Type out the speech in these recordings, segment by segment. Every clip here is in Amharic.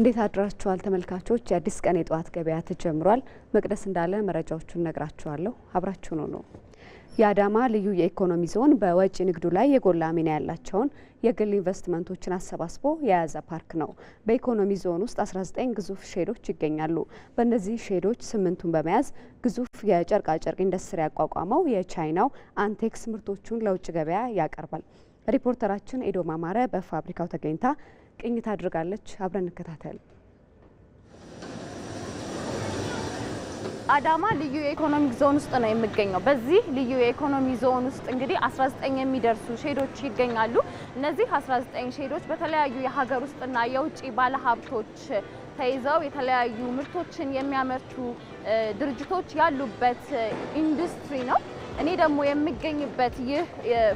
እንዴት አድራችኋል ተመልካቾች? የአዲስ ቀን የጠዋት ገበያ ተጀምሯል። መቅደስ እንዳለ መረጃዎቹን ነግራችኋለሁ። አብራችሁኑ ነው። የአዳማ ልዩ የኢኮኖሚ ዞን በወጪ ንግዱ ላይ የጎላ ሚና ያላቸውን የግል ኢንቨስትመንቶችን አሰባስቦ የያዘ ፓርክ ነው። በኢኮኖሚ ዞን ውስጥ 19 ግዙፍ ሼዶች ይገኛሉ። በእነዚህ ሼዶች ስምንቱን በመያዝ ግዙፍ የጨርቃጨርቅ ኢንዱስትሪ ያቋቋመው የቻይናው አንቴክስ ምርቶቹን ለውጭ ገበያ ያቀርባል። ሪፖርተራችን ኤዶ ማማረ በፋብሪካው ተገኝታ ቅኝት አድርጋለች። አብረን እንከታተል። አዳማ ልዩ የኢኮኖሚክ ዞን ውስጥ ነው የሚገኘው። በዚህ ልዩ የኢኮኖሚ ዞን ውስጥ እንግዲህ 19 የሚደርሱ ሼዶች ይገኛሉ። እነዚህ 19 ሼዶች በተለያዩ የሀገር ውስጥና የውጭ ባለሀብቶች ተይዘው የተለያዩ ምርቶችን የሚያመርቱ ድርጅቶች ያሉበት ኢንዱስትሪ ነው። እኔ ደግሞ የምገኝበት ይህ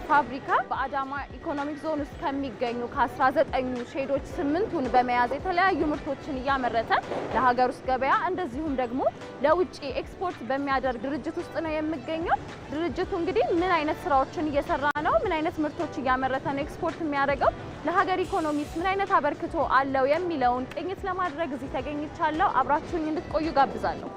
ፋብሪካ በአዳማ ኢኮኖሚክ ዞን ውስጥ ከሚገኙ ከ19 ሼዶች ስምንቱን በመያዝ የተለያዩ ምርቶችን እያመረተ ለሀገር ውስጥ ገበያ እንደዚሁም ደግሞ ለውጭ ኤክስፖርት በሚያደርግ ድርጅት ውስጥ ነው የምገኘው። ድርጅቱ እንግዲህ ምን አይነት ስራዎችን እየሰራ ነው? ምን አይነት ምርቶች እያመረተ ነው ኤክስፖርት የሚያደርገው? ለሀገር ኢኮኖሚስ ምን አይነት አበርክቶ አለው የሚለውን ቅኝት ለማድረግ እዚህ ተገኝቻለሁ። አብራችሁኝ እንድትቆዩ ጋብዛለሁ።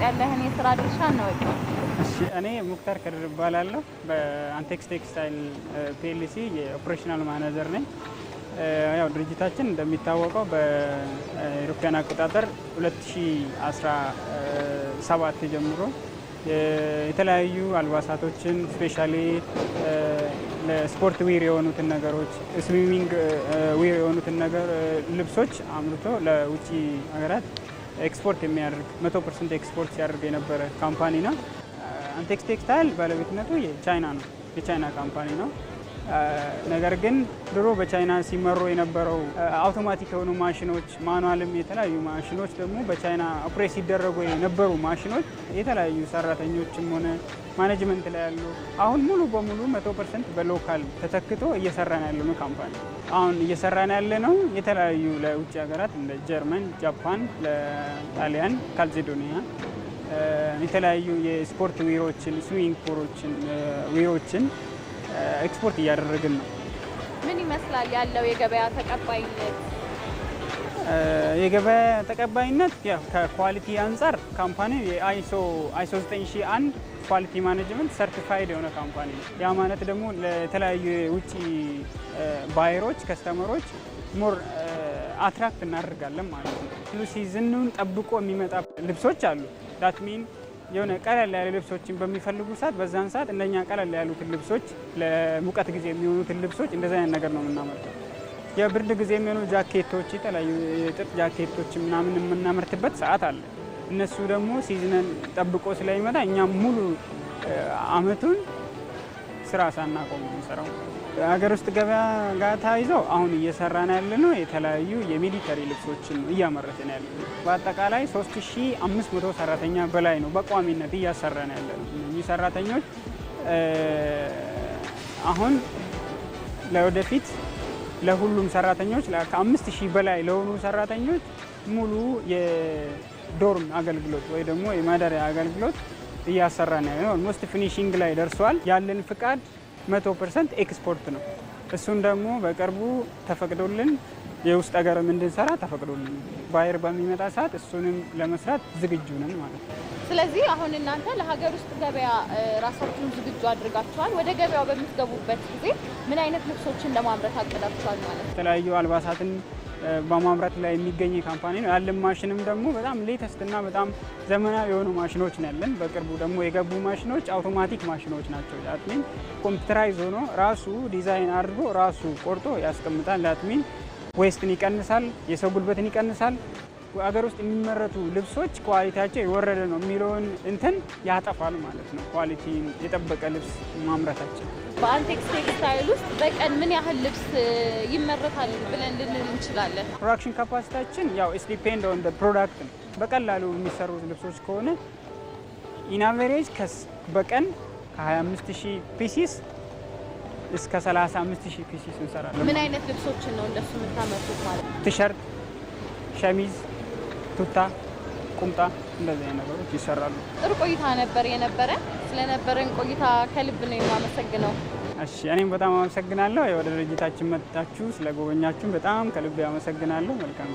ውስጥ ያለህን የስራ ድርሻ እናወቅ። እሺ፣ እኔ ሙክታር ከድር እባላለሁ። በአንቴክስ ቴክስታይል ፒኤልሲ የኦፕሬሽናል ማናጀር ነኝ። ያው ድርጅታችን እንደሚታወቀው በኢሮፒያን አቆጣጠር 2017 ጀምሮ የተለያዩ አልባሳቶችን ስፔሻሊ ለስፖርት ዊር የሆኑትን ነገሮች ስዊሚንግ ዊር የሆኑትን ነገር ልብሶች አምርቶ ለውጭ ሀገራት ኤክስፖርት የሚያደርግ መቶ ፐርሰንት ኤክስፖርት ሲያደርግ የነበረ ካምፓኒ ነው። አንቴክስ ቴክስታይል ባለቤትነቱ የቻይና ነው፣ የቻይና ካምፓኒ ነው። ነገር ግን ድሮ በቻይና ሲመሩ የነበረው አውቶማቲክ የሆኑ ማሽኖች ማኑዋልም የተለያዩ ማሽኖች ደግሞ በቻይና ኦፕሬት ሲደረጉ የነበሩ ማሽኖች የተለያዩ ሰራተኞችም ሆነ ማኔጅመንት ላይ ያሉ አሁን ሙሉ በሙሉ መቶ ፐርሰንት በሎካል ተተክቶ እየሰራን ያለ ነው ካምፓኒ አሁን እየሰራን ያለ ነው። የተለያዩ ለውጭ ሀገራት እንደ ጀርመን፣ ጃፓን፣ ለጣሊያን፣ ካልዜዶኒያ የተለያዩ የስፖርት ዊሮችን ስዊንግ ፖሮችን ዊሮችን ኤክስፖርት እያደረግን ነው። ምን ይመስላል ያለው የገበያ ተቀባይነት? የገበያ ተቀባይነት ከኳሊቲ አንጻር ካምፓኒ የአይሶ 9001 ኳሊቲ ማኔጅመንት ሰርቲፋይድ የሆነ ካምፓኒ ነው። ያ ማለት ደግሞ ለተለያዩ የውጭ ባየሮች ከስተመሮች ሞር አትራክት እናደርጋለን ማለት ነው። ሲዝኑን ጠብቆ የሚመጣ ልብሶች አሉ ዳትሚን የሆነ ቀለል ያለ ልብሶችን በሚፈልጉ ሰዓት በዛን ሰዓት እንደኛ ቀለል ያሉትን ልብሶች ለሙቀት ጊዜ የሚሆኑትን ልብሶች እንደዚ አይነት ነገር ነው የምናመርተው። የብርድ ጊዜ የሚሆኑ ጃኬቶች፣ የተለያዩ የጥጥ ጃኬቶች ምናምን የምናመርትበት ሰዓት አለ። እነሱ ደግሞ ሲዝነን ጠብቆ ስለሚመጣ እኛም ሙሉ አመቱን ስራ ሳናቆም የምንሰራው። አገር ውስጥ ገበያ ጋር ተያይዘው አሁን እየሰራን ነው። የተለያዩ የሚሊተሪ ልብሶችን እያመረትን ያለ ነው። በአጠቃላይ 3500 ሰራተኛ በላይ ነው በቋሚነት ነው ያለ ነው። እነዚህ ሰራተኞች አሁን ለወደፊት ለሁሉም ሰራተኞች ከአምስት ሺህ በላይ ለሆኑ ሰራተኞች ሙሉ የዶርም አገልግሎት ወይ ደግሞ የማደሪያ አገልግሎት እያሰራን ያለ ነው። ኦልሞስት ፊኒሽንግ ላይ ደርሷል። ያለን ፍቃድ መቶ ፐርሰንት ኤክስፖርት ነው። እሱን ደግሞ በቅርቡ ተፈቅዶልን የውስጥ ሀገርም እንድንሰራ ተፈቅዶልን ባየር በሚመጣ ሰዓት እሱንም ለመስራት ዝግጁ ነን ማለት ነው። ስለዚህ አሁን እናንተ ለሀገር ውስጥ ገበያ ራሳችሁን ዝግጁ አድርጋችኋል። ወደ ገበያው በምትገቡበት ጊዜ ምን አይነት ልብሶችን ለማምረት አቅዳችኋል ማለት ነው? የተለያዩ አልባሳትን በማምረት ላይ የሚገኝ ካምፓኒ ነው። ያለን ማሽንም ደግሞ በጣም ሌተስት እና በጣም ዘመናዊ የሆኑ ማሽኖች ነው ያለን። በቅርቡ ደግሞ የገቡ ማሽኖች አውቶማቲክ ማሽኖች ናቸው። ለአትሚን ኮምፒውተራይዝ ሆኖ ራሱ ዲዛይን አድርጎ ራሱ ቆርጦ ያስቀምጣል። ላትሚን ዌስትን ይቀንሳል፣ የሰው ጉልበትን ይቀንሳል። አገር ውስጥ የሚመረቱ ልብሶች ኳሊቲያቸው የወረደ ነው የሚለውን እንትን ያጠፋል ማለት ነው። ኳሊቲ የጠበቀ ልብስ ማምረታችን በአንቴክስ ቴክስታይል ውስጥ በቀን ምን ያህል ልብስ ይመረታል ብለን ልንል እንችላለን? ፕሮዳክሽን ካፓሲታችን ያው ኢስ ዲፔንድ ኦን ፕሮዳክት ነው። በቀላሉ የሚሰሩት ልብሶች ከሆነ ኢናቨሬጅ በቀን ከ 25 ፒሲስ እስከ 35 35000 ፒሲስ እንሰራለን። ምን አይነት ልብሶችን ነው እንደሱ የምታመርቱት ማለት? ቲሸርት፣ ሸሚዝ፣ ቱታ፣ ቁምጣ እንደዚህ ነገሮች ይሰራሉ። ጥሩ ቆይታ ነበር የነበረ። ስለነበረን ቆይታ ከልብ ነው የማመሰግነው። እሺ እኔም በጣም አመሰግናለሁ። ወደ ድርጅታችን መጣችሁ ስለጎበኛችሁ በጣም ከልብ ያመሰግናለሁ። መልካም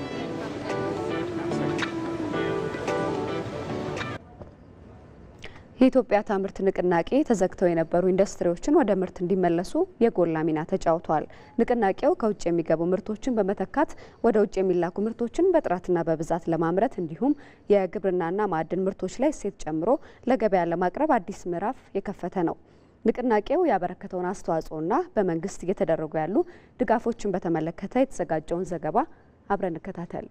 የኢትዮጵያ ታምርት ንቅናቄ ተዘግተው የነበሩ ኢንዱስትሪዎችን ወደ ምርት እንዲመለሱ የጎላ ሚና ተጫውቷል። ንቅናቄው ከውጭ የሚገቡ ምርቶችን በመተካት ወደ ውጭ የሚላኩ ምርቶችን በጥራትና በብዛት ለማምረት እንዲሁም የግብርናና ማዕድን ምርቶች ላይ እሴት ጨምሮ ለገበያ ለማቅረብ አዲስ ምዕራፍ የከፈተ ነው። ንቅናቄው ያበረከተውን አስተዋጽኦና በመንግስት እየተደረጉ ያሉ ድጋፎችን በተመለከተ የተዘጋጀውን ዘገባ አብረን እንከታተል።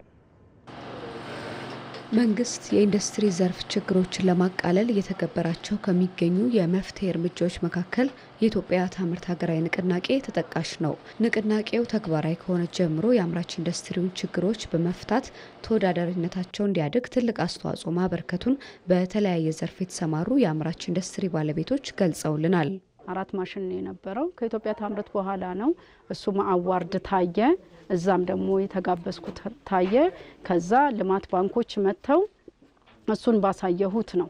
መንግስት የኢንዱስትሪ ዘርፍ ችግሮችን ለማቃለል እየተገበራቸው ከሚገኙ የመፍትሄ እርምጃዎች መካከል የኢትዮጵያ ታምርት ሀገራዊ ንቅናቄ ተጠቃሽ ነው። ንቅናቄው ተግባራዊ ከሆነ ጀምሮ የአምራች ኢንዱስትሪውን ችግሮች በመፍታት ተወዳዳሪነታቸው እንዲያድግ ትልቅ አስተዋጽኦ ማበርከቱን በተለያየ ዘርፍ የተሰማሩ የአምራች ኢንዱስትሪ ባለቤቶች ገልጸውልናል። አራት ማሽን የነበረው ከኢትዮጵያ ታምርት በኋላ ነው። እሱም አዋርድ ታየ እዛም ደግሞ የተጋበዝኩት ታየ። ከዛ ልማት ባንኮች መጥተው እሱን ባሳየሁት ነው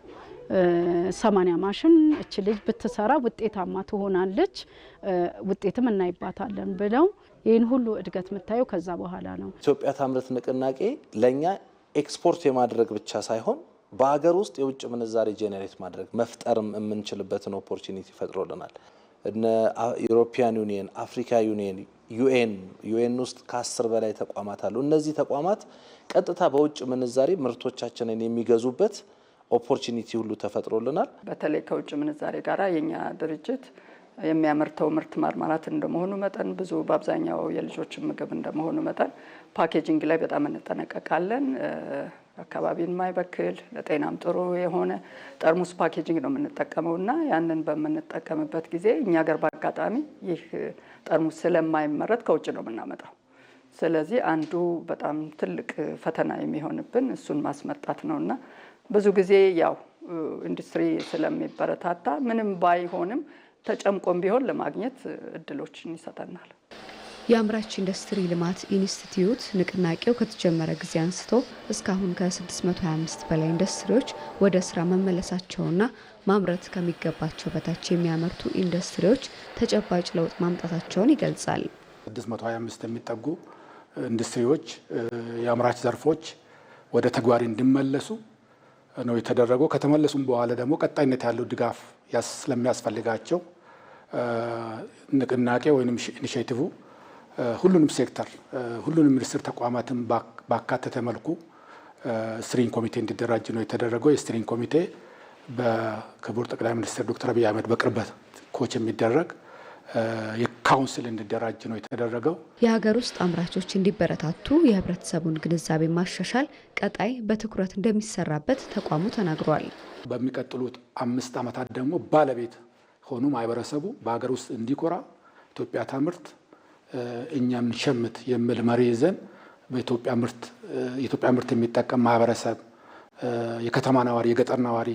ሰማኒያ ማሽን እች ልጅ ብትሰራ ውጤታማ ትሆናለች፣ ውጤትም እናይባታለን ብለው ይህን ሁሉ እድገት የምታየው ከዛ በኋላ ነው። ኢትዮጵያ ታምርት ንቅናቄ ለእኛ ኤክስፖርት የማድረግ ብቻ ሳይሆን በሀገር ውስጥ የውጭ ምንዛሬ ጄኔሬት ማድረግ መፍጠርም የምንችልበትን ኦፖርቹኒቲ ፈጥሮልናል። እነ ዩሮፒያን ዩኒየን፣ አፍሪካ ዩኒየን ዩኤን ዩኤን ውስጥ ከአስር በላይ ተቋማት አሉ። እነዚህ ተቋማት ቀጥታ በውጭ ምንዛሬ ምርቶቻችንን የሚገዙበት ኦፖርቹኒቲ ሁሉ ተፈጥሮልናል። በተለይ ከውጭ ምንዛሬ ጋራ የኛ ድርጅት የሚያመርተው ምርት ማርማራት እንደመሆኑ መጠን ብዙ በአብዛኛው የልጆች ምግብ እንደመሆኑ መጠን ፓኬጂንግ ላይ በጣም እንጠነቀቃለን። አካባቢን የማይበክል ለጤናም ጥሩ የሆነ ጠርሙስ ፓኬጂንግ ነው የምንጠቀመው እና ያንን በምንጠቀምበት ጊዜ እኛ ገር በአጋጣሚ ይህ ጠርሙስ ስለማይመረት ከውጭ ነው የምናመጣው። ስለዚህ አንዱ በጣም ትልቅ ፈተና የሚሆንብን እሱን ማስመጣት ነው እና ብዙ ጊዜ ያው ኢንዱስትሪ ስለሚበረታታ ምንም ባይሆንም ተጨምቆም ቢሆን ለማግኘት እድሎችን ይሰጠናል። የአምራች ኢንዱስትሪ ልማት ኢንስቲትዩት ንቅናቄው ከተጀመረ ጊዜ አንስቶ እስካሁን ከ625 በላይ ኢንዱስትሪዎች ወደ ስራ መመለሳቸውና ማምረት ከሚገባቸው በታች የሚያመርቱ ኢንዱስትሪዎች ተጨባጭ ለውጥ ማምጣታቸውን ይገልጻል። 625 የሚጠጉ ኢንዱስትሪዎች የአምራች ዘርፎች ወደ ተግባር እንዲመለሱ ነው የተደረገው። ከተመለሱም በኋላ ደግሞ ቀጣይነት ያለው ድጋፍ ስለሚያስፈልጋቸው ንቅናቄ ወይም ኢኒሽቲቭ ሁሉንም ሴክተር ሁሉንም ሚኒስትር ተቋማትን ባካተተ መልኩ ስትሪንግ ኮሚቴ እንዲደራጅ ነው የተደረገው። የስትሪንግ ኮሚቴ በክቡር ጠቅላይ ሚኒስትር ዶክተር አብይ አህመድ በቅርበት ኮች የሚደረግ የካውንስል እንዲደራጅ ነው የተደረገው። የሀገር ውስጥ አምራቾች እንዲበረታቱ የህብረተሰቡን ግንዛቤ ማሻሻል ቀጣይ በትኩረት እንደሚሰራበት ተቋሙ ተናግሯል። በሚቀጥሉት አምስት ዓመታት ደግሞ ባለቤት ሆኑ ማህበረሰቡ በሀገር ውስጥ እንዲኮራ ኢትዮጵያ ታምርት እኛም እንሸምት የሚል መሪ ይዘን በኢትዮጵያ ምርት የኢትዮጵያ ምርት የሚጠቀም ማህበረሰብ የከተማ ነዋሪ፣ የገጠር ነዋሪ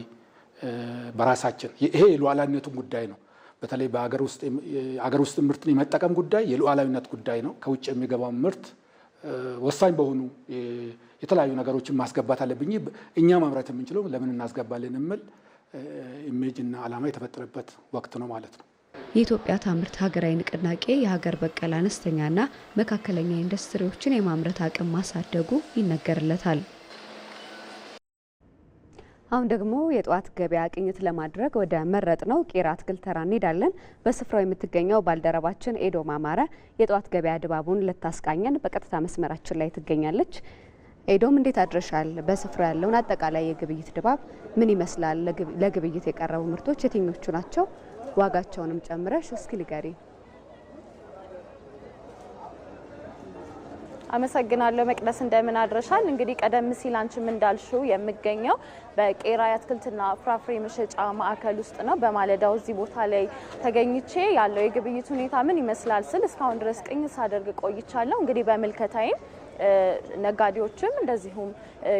በራሳችን ይሄ የሉዓላዊነቱን ጉዳይ ነው። በተለይ በአገር ውስጥ ምርትን የመጠቀም ጉዳይ የሉዓላዊነት ጉዳይ ነው። ከውጭ የሚገባው ምርት ወሳኝ በሆኑ የተለያዩ ነገሮችን ማስገባት አለብኝ። እኛ ማምረት የምንችለው ለምን እናስገባልን የሚል ኢሜጅ እና ዓላማ የተፈጠረበት ወቅት ነው ማለት ነው። የኢትዮጵያ ታምርት ሀገራዊ ንቅናቄ የሀገር በቀል አነስተኛና መካከለኛ ኢንዱስትሪዎችን የማምረት አቅም ማሳደጉ ይነገርለታል። አሁን ደግሞ የጠዋት ገበያ ቅኝት ለማድረግ ወደ መረጥ ነው ቄራ አትክልት ተራ እንሄዳለን። በስፍራው የምትገኘው ባልደረባችን ኤዶም አማረ የጠዋት ገበያ ድባቡን ልታስቃኘን በቀጥታ መስመራችን ላይ ትገኛለች። ኤዶም እንዴት አድረሻል? በስፍራው ያለውን አጠቃላይ የግብይት ድባብ ምን ይመስላል? ለግብይት የቀረቡ ምርቶች የትኞቹ ናቸው? ዋጋቸውንም ጨምረሽ እስኪ ልገሪ። አመሰግናለሁ መቅደስ፣ እንደምን አድረሻል? እንግዲህ ቀደም ሲል አንቺም እንዳልሽው የምገኘው በቄራ የአትክልትና ፍራፍሬ መሸጫ ማዕከል ውስጥ ነው። በማለዳው እዚህ ቦታ ላይ ተገኝቼ ያለው የግብይት ሁኔታ ምን ይመስላል ስል እስካሁን ድረስ ቅኝ ሳደርግ ቆይቻለሁ። እንግዲህ በምልከታይም ነጋዴዎችም እንደዚሁም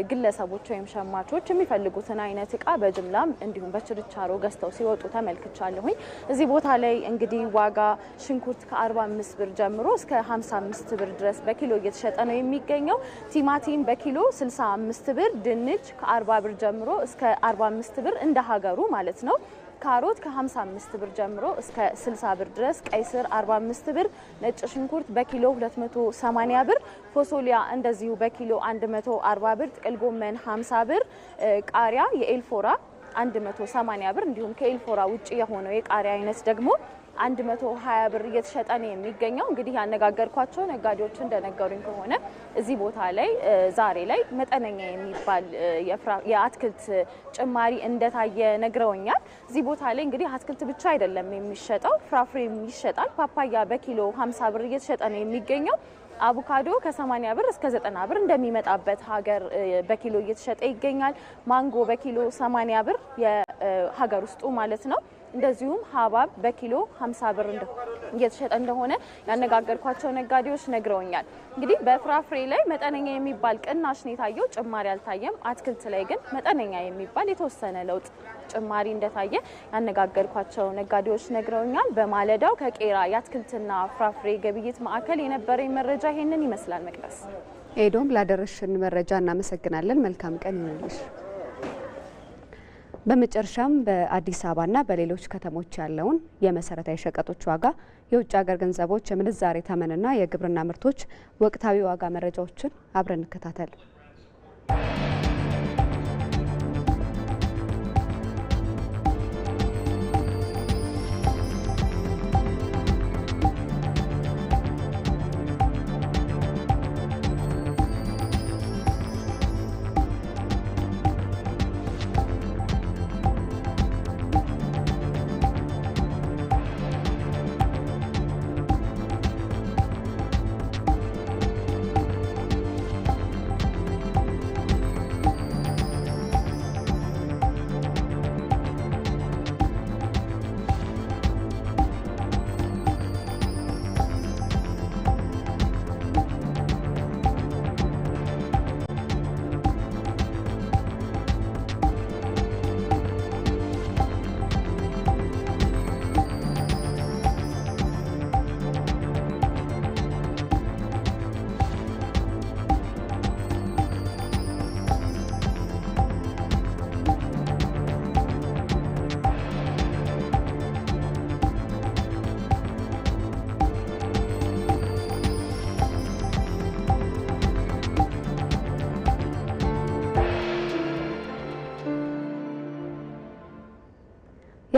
ግለሰቦች ወይም ሸማቾች የሚፈልጉትን አይነት እቃ በጅምላም እንዲሁም በችርቻሮ ገዝተው ሲወጡ ተመልክቻለሁኝ። እዚህ ቦታ ላይ እንግዲህ ዋጋ ሽንኩርት ከ45 ብር ጀምሮ እስከ 55 ብር ድረስ በኪሎ እየተሸጠ ነው የሚገኘው። ቲማቲም በኪሎ 65 ብር፣ ድንች ከ40 ብር ጀምሮ እስከ 45 ብር እንደ ሀገሩ ማለት ነው ካሮት ከ55 ብር ጀምሮ እስከ 60 ብር ድረስ፣ ቀይ ስር 45 ብር፣ ነጭ ሽንኩርት በኪሎ 280 ብር፣ ፎሶሊያ እንደዚሁ በኪሎ 140 ብር፣ ጥቅል ጎመን 50 ብር፣ ቃሪያ የኤልፎራ 180 ብር እንዲሁም ከኤልፎራ ውጭ የሆነው የቃሪያ አይነት ደግሞ 120 ብር እየተሸጠ ነው የሚገኘው። እንግዲህ ያነጋገርኳቸው ነጋዴዎች እንደነገሩኝ ከሆነ እዚህ ቦታ ላይ ዛሬ ላይ መጠነኛ የሚባል የአትክልት ጭማሪ እንደታየ ነግረውኛል። እዚህ ቦታ ላይ እንግዲህ አትክልት ብቻ አይደለም የሚሸጠው፣ ፍራፍሬም ይሸጣል። ፓፓያ በኪሎ 50 ብር እየተሸጠ ነው የሚገኘው። አቮካዶ ከ80 ብር እስከ 90 ብር እንደሚመጣበት ሀገር በኪሎ እየተሸጠ ይገኛል። ማንጎ በኪሎ 80 ብር የሀገር ውስጡ ማለት ነው። እንደዚሁም ሀባብ በኪሎ 50 ብር እየተሸጠ እንደሆነ ያነጋገርኳቸው ነጋዴዎች ነግረውኛል። እንግዲህ በፍራፍሬ ላይ መጠነኛ የሚባል ቅናሽ ነው የታየው፣ ጭማሪ አልታየም። አትክልት ላይ ግን መጠነኛ የሚባል የተወሰነ ለውጥ ጭማሪ እንደታየ ያነጋገርኳቸው ነጋዴዎች ነግረውኛል። በማለዳው ከቄራ የአትክልትና ፍራፍሬ ግብይት ማዕከል የነበረኝ መረጃ ይሄንን ይመስላል። መቅደስ ኤዶም ላደረሽን መረጃ እናመሰግናለን። መልካም ቀን ይሆንልሽ። በመጨረሻም በአዲስ አበባና በሌሎች ከተሞች ያለውን የመሰረታዊ ሸቀጦች ዋጋ፣ የውጭ ሀገር ገንዘቦች የምንዛሬ ተመንና የግብርና ምርቶች ወቅታዊ ዋጋ መረጃዎችን አብረን እንከታተል።